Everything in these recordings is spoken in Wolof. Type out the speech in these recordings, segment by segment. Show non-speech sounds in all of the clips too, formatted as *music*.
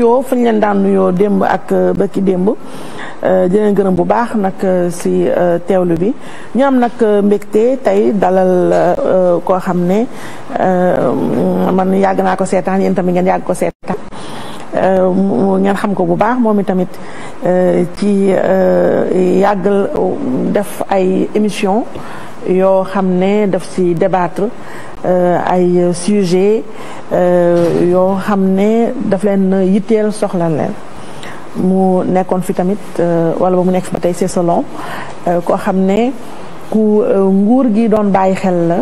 nuyoo fu ñu leen daan nuyoo démb ak euh, bëkki démb euh, di leen gërëm bu baax nag euh, si teewlu bi ñam nag mbégte tey dalal koo xam ne man yàgg naa ko seetaan yéen tamit ngeen yàgg ko seetaan ngeen xam ko bu baax moom itamit ci yàggal def ay émission yoo xam ne daf ci débattre euh, ay sujet euh, yoo xam ne daf leen yitteel soxla leen mu nekkoon fi tamit euh, wala ba mu nekk ba tey c'est selon koo xam ne ku nguur gi doon bàyyi xel la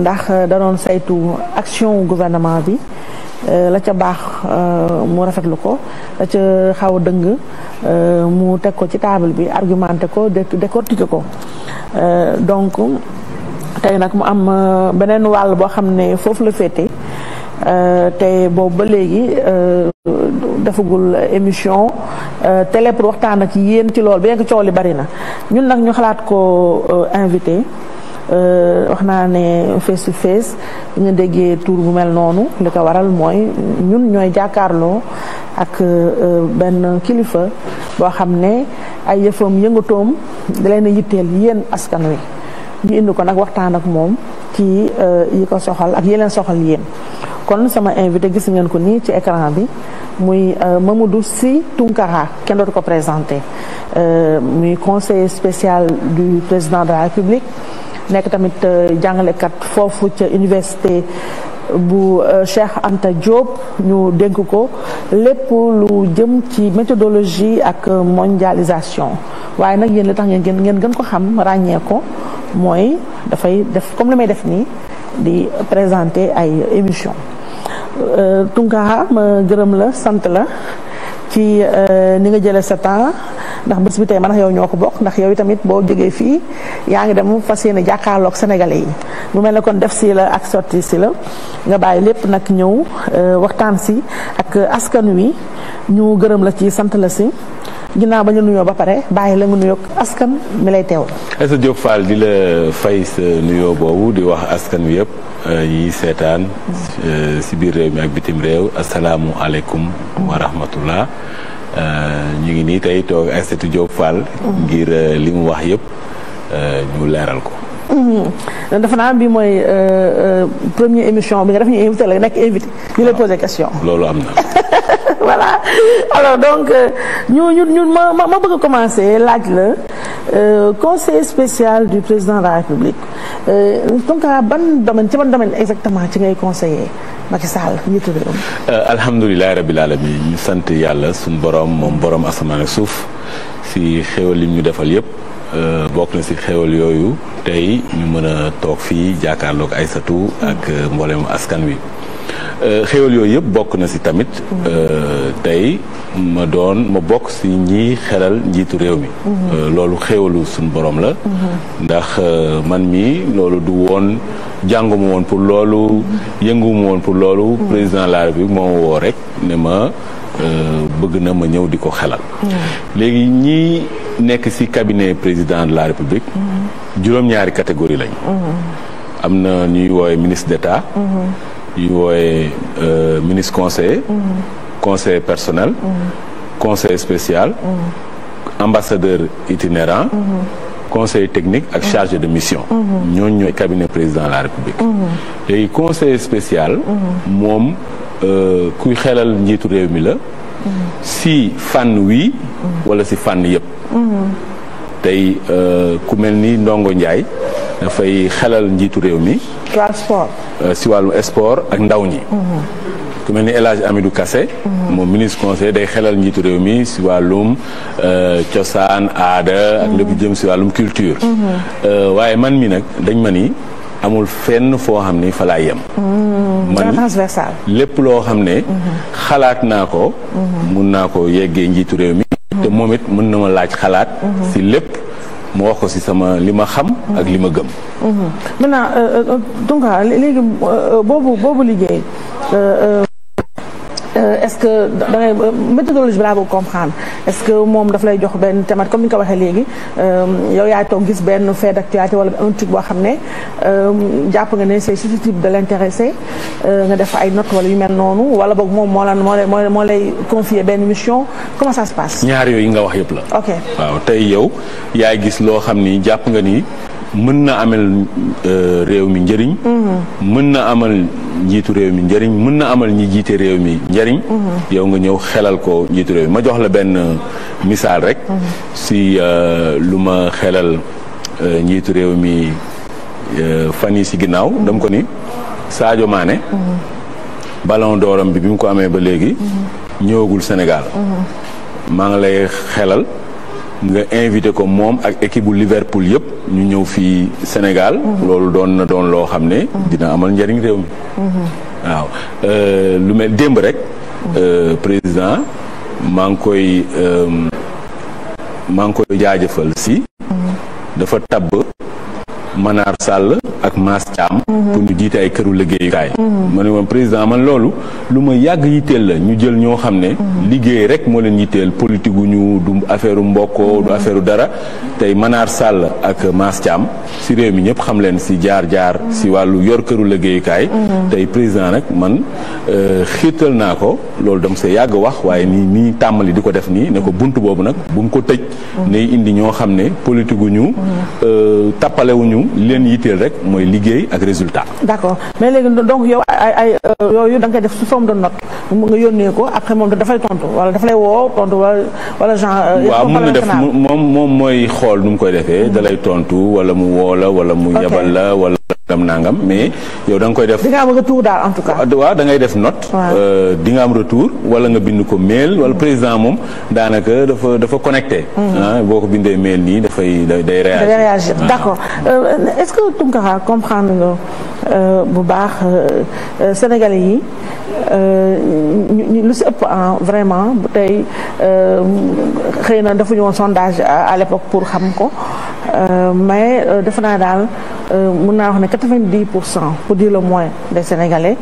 ndax da doon saytu action gouvernement bi la ca baax mu rafetlu ko la ca xaw a dëng mu teg ko ci table bi argumenté ko décortiqué ko Euh, donc tey nag mu am euh, beneen wàll boo xam ne foofu la féete euh, te boobu ba léegi defagul émission télé pour waxtaan ak yéen ci loolu bien que coow li bari na ñun nag ñu xalaat ko invité wax naa ne face to face ñu déggee tour bu mel noonu li ko waral mooy ñun ñooy jàkkaarloo ak euh, benn kilifa boo xam ne ay yëfam yëngatoom da leen a yitteel yéen askan wi ñu indi ko nag waxtaan ak moom ci euh, yi soxal ak yeneen soxal yéen kon sama invité gis ngeen ko nii ci écran bi muy euh, Mamadou Sy Tounkara kenn dootu ko présenté muy conseiller spécial du président de la République nekk tamit jàngalekat foofu ca université bu Cheikh Anta Diop ñu dénk ko lépp lu jëm ci méthodologie ak mondialisation waaye nag yéen li tax ngeen ngeen gën ko xam ràññee ko mooy dafay def comme li may def nii di présenter ay émission euh, Tounkara ma gërëm la sant la ci euh, ni nga jëlee sa temps ndax bés bi tey man ak yow ñoo ko bokk ndax yow tamit boo jógee fii yaa ngi dem fas yéene jàkkaarloog sénégalais yi bu mel ne kon def sii la ak sotti si la nga bàyyi lépp nag ñëw euh, waxtaan si ak askan wi ñu gërëm la ci sant la si ginnaaw ba ñu nuyoo ba pare bàyyi la nga nuyoo askan mi lay teew. Aïssa Diop Fall di la fay sa nuyoo boobu di wax askan wi yëpp euh, yi seetaan. Mm. Euh, si biir réew mi ak bitim réew asalaamualeykum. wa rahmatullah Euh, ñu ngi nii tey toog Aïssatou Diop Fall. ngir euh, li mu wax yëpp euh, ñu leeral ko. Mm-hmm. dafa naa bi mooy première émission bi nga def ñu invité la nekk invité. ñu lay posé question. *laughs* loolu am na. voilà alors donc ñu ñu ma ma bëgg a commencer laaj la. Euh, conseiller spécial du président de la République euh, donc ban domaine ci ban domaine exactement ci ngay conseiller Macky Sall njiitu réew mi. Euh, alhamdulilah rabil ñu sant yàlla suñ borom moom borom asamaan ak suuf si xéwal yi ñu defal yëpp. Euh, bokk na si xéwal yooyu tey ñu mën a toog fii jàkkaarloog Aïssatou ak mboolemu askan wi. Euh, xéwal yooyu yëpp bokk na si tamit. Euh, tey ma doon ma bokk si ñiy xelal njiitu réew mi. Mhm. Euh, loolu xéwalu suñ borom la. Mhm. ndax man mi loolu du woon jànguma woon pour loolu. Mhm. yënguma woon pour loolu. président la République moo woo rek ne ma bëgg na ma ñëw di ko xelal. léegi ñi nekk si cabinet président la République. juróom-ñaari catégorie lañ. am na ñuy woowee ministre d'État. yu wooyee euh, ministre conseil mm. conseil personnel mm. conseiller spécial mm. ambassadeur itinérant mm-hmm. conseil technique ak mm-hmm. chargé de mission mm-hmm. ñooñu ñooy cabinet président de la république léegi conseiller spécial moom euh, kuy xelal njiitu réew mi la si fànn wii wala si fànn yëpp tey euh, ku mel ni Ndongo Ndiaye dafay xelal njiitu réew mi. transport. Euh, si wàllu sport ak ndaw ñi. Mm-hmm. ku mel ni El Hadj Amidou mm-hmm. moom ministre conseil day xelal njiitu réew mi si wàllum euh, cosaan aada. ak lépp mm-hmm. jëm si wàllum culture. Euh, waaye man mi nag dañ ma ni amul fenn foo xam ni fa yem. lépp loo xam ne. xalaat naa ko. mun naa ko yeggee njiitu réew mi. te moom it mën na ma laaj xalaat. si lépp. mu wax ko ci sama li ma xam. ak li ma gëm. Mm-hmm. maintenant Tounkara euh, euh, ah, léegi euh, boobu boobu liggéey. Euh, est-ce que da ngay euh, méthodologie bi laa bëgg comprendre est-ce que moom daf lay jox benn temat comme ni nga ko waxee léegi euh, yow yaay toog gis benn fait d'actualité wala un truc boo xam ne jàpp nga ne c'est susceptible de l'intéresser nga def ay notes wala yu mel noonu wala boog moom moo la moo moo lay confier benn mission comment ça se ñaar yooyu nga wax yëpp la. ok waaw yow yaay gis loo xam ni jàpp nga ni mën na amal réew mi njëriñ. Mm-hmm. mën na amal. njiitu réew mi njëriñ mën na amal ñi jiite réew mi njariñ mm-hmm. yow nga ñëw xelal ko njiitu réew mi ma jox la benn uh, misaal rek mm-hmm. si uh, lu ma xelal uh, njiitu réew mi fan yi si ginnaaw dem mm-hmm. ko ni Sadio Mané ballon d'oram bi bi mu ko amee ba léegi ñëwagul Sénégal maa ngi lay xelal nga invité ko moom ak équipe bu Liverpool yëpp ñu ñëw fii Sénégal. loolu doon na doon loo xam ne. dina amal njëriñ réew mi. waaw euh, lu mel démb rek. Euh, président maa ngi koy euh, maa koy jaajëfal si. dafa tabb. Manar Sall ak Mass Thiam. Mhm. pour ñu jiite ay këru liggéeykaay mhm. ma ne woon président man loolu lu ma yàgg yitteel la ñu jël ñoo xam ne. Mhm. liggéey rek moo leen yitteel politique gu ñu du affaire mbokkoo du affaire dara tey Manar Sall ak Mass Thiam si réew mi ñëpp xam leen si jaar jaar si wàllu yor këru liggéeyukaay. tey président nag man euh, xiital naa ko loolu dama see yàgg wax waaye nii nii tàmbali di ko def nii ne ko bunt boobu nag bu mu ko tëj. nay indi ñoo xam ne politique gu ñu euh, tappalewuñu leen yitteel rek mooy liggéey ak résultat. d'accord mais léegi donc yow ay ay yooyu da nga koy def sous forme de note nga yónnee ko après moom dafay tontu wala daf lay woo tontu wala wala genre. Euh, waaw mën na def moom moom mooy xool nu mu koy defee. da tontu wala mu woo la wala mu yabal la wala. dam nangam mais yow da nga koy def. di nga am retour daal en tout cas. Ah, waaw da def note. Euh, di am retour wala nga bind ko mail wala président moom daanaka dafa dafa connecté. Mm-hmm. Ah, boo ko bindee mail nii dafay day réagir. Ah. d'accord euh, est-ce que Tounkara comprendre nga euh, bu baax sénégalais yi. lu si en vraiment tey xëy na dafa woon sondage à l'époque pour xam ko mais defe naa daal Euh, mun naa wax ne quatre-vingt-dix pour cent pour dire le moins des sénégalais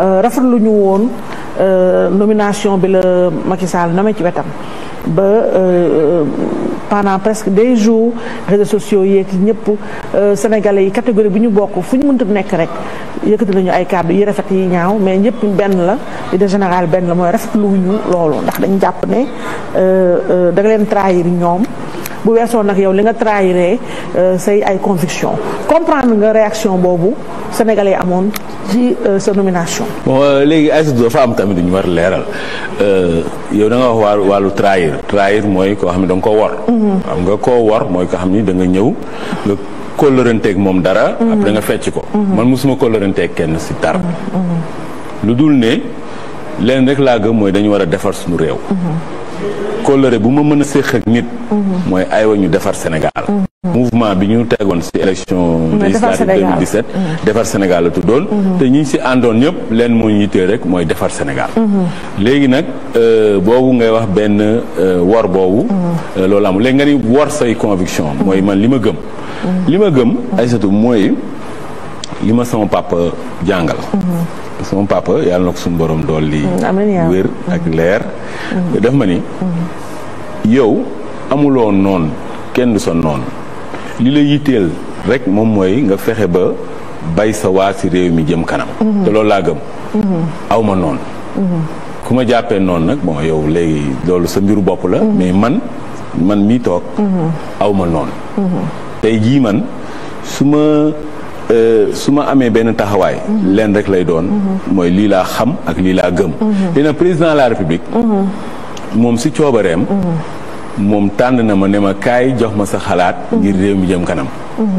euh, rafetlu ñu woon euh, nomination bi la Macky Sall nommé ci wetam ba pendant presque des jours réseaux sociaux yeeg ñëpp sénégalais yi catégorie bu ñu bokk fu ñu mënta nekk rek yëkkati nañu ay kàddu yi rafet yi ñaaw mais ñëpp benn la idée général benn la mooy rafetlu ñu loolu ndax dañu jàpp ne da nga leen trahir ñoom. bu weesoon nag yow li nga trahiré euh, say ay conviction comprendre nga réaction boobu sénégal sénégalais amoon ci euh, sa nomination. bon euh, léegi Aïssatou dafa am tamit ñu war a leeral yow da nga wax waa wàllu trahir. trahir mooy koo xam ne da nga ko wor. Mhm. xam nga koo wor mooy koo xam ni da nga ñëw nga kóllëranteeg moom dara. Mhm. après nga fecc ko. Mhm. man mosuma kóllëranteeg kenn si tar lu dul ne leen rek laa mooy dañu war a defar suñu réew. kóllëre bu ma mën a séq ak nit. Mhm. mooy aywa ñu defar Sénégal. Mhm. mouvement bi ñu tegoon ci élection mhm. législative 2017. defar Sénégal la tuddoon. te ñi ci àndoon ñëpp leen moo ñu yittee rek mooy defar Sénégal. léegi nag euh, boobu ngay wax benn euh, wor boobu. Euh, loolu amul léegi nga ni wor say conviction mooy man li ma gëm. li ma gëm Aïssatou mooy li ma sama papa jàngal. sama papa yàlla na ko suñu borom dool li wér ak leer. def ma ni yow amuloo noon kenn sa noon li la yitteel rek moom mooy nga fexe ba bay sa waa si réew mi jëm kanam te loolu laa gëm aw ma noon ku ma jàppee noonu nag bon yow léegi loolu sa mbiru bopp la mais man man mii toog aw noon tey jii man su ma Euh, su ma amee benn taxawaay leen rek lay doon mooy lii laa xam ak lii laa gëm dina président la république moom si coobareem moom tànn na ma ne ma kaay jox ma sa xalaat ngir réew mi jëm kanam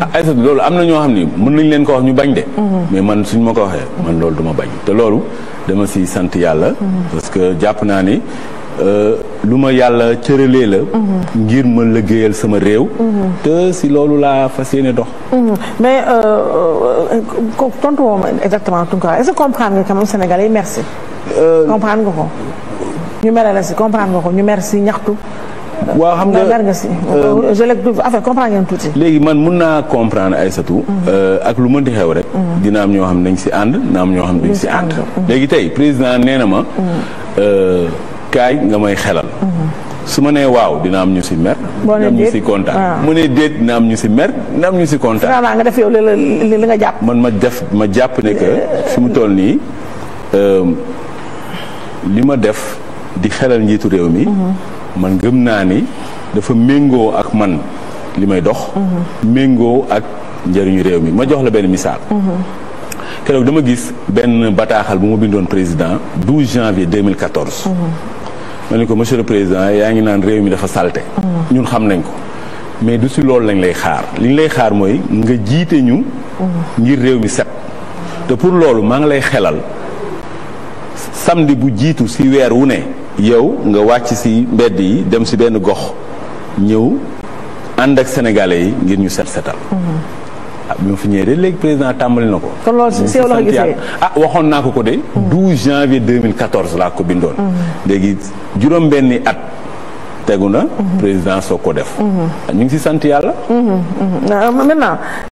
ah Aïssatou loolu am na ñoo xam ni mën nañ leen ko wax ñu bañ de mais man suñ ma ko waxee man loolu duma bañ te loolu dama si sant yàlla parce jàpp naa ni euh, lu ma yàlla cëralee la. ngir ma liggéeyal sama réew. te si loolu laa fas yéene dox. mais euh, euh, tontu woo ma exactement Tounkara est-ce que comprendre nga quand même Sénégalais yi merci. Euh, comprendre nga ko. ñu mere merci ñaxtu. waaw xam nga l' ai comprendre ngeen tuuti. léegi man mun naa comprendre Aïssatou. Mhm. ak lu mënti xew rek. Mhm. dina ñoo xam ne si ànd dina ñoo xam ne si ànd. léegi tey président nee ma. Mhm. kaay nga may xelal. su ma nee waaw dina am ñu si mer. boo nee déet ah. mu ne déet dina am ñu si mer dina am ñu si kontaan. vraiment nga def yow li nga jàpp. man ma def ma jàpp ne que fi mu toll nii euh, li ma def di xelal njiitu réew mi. man gëm naa ni dafa méngoo ak man li may dox. méngoo ak njëriñu réew mi ma jox la benn misaal. keroog dama gis benn bataaxal bu ma bindoon président 12 janvier ma ne ko monsieur le président yaa ngi naan réew mi dafa salte mm. ñun xam nañ ko mais du si loolu lañ lay xaar liñ lay xaar mooy nga jiite ñu mm. ngir réew mi set te pour loolu maa ngi lay xelal samedi bu jiitu si weer wu ne yow nga wàcc si mbedd yi dem si benn gox ñëw ànd ak sénégalais yi ngir ñu set setal mm. Ah, bi ma fi ñëwee de léegi président tàmbali na ko. kon loolu si yow la ko gisee ah waxoon naa ko ko de. 12 mm. janvier 2014 laa ko bindoon. Mm. léegi juróom-benni at. tegu na. Mm-hmm. président soo ko def. Mm-hmm. Ah, ñu ngi si sant yàlla. Mm-hmm. Ah, maintenant.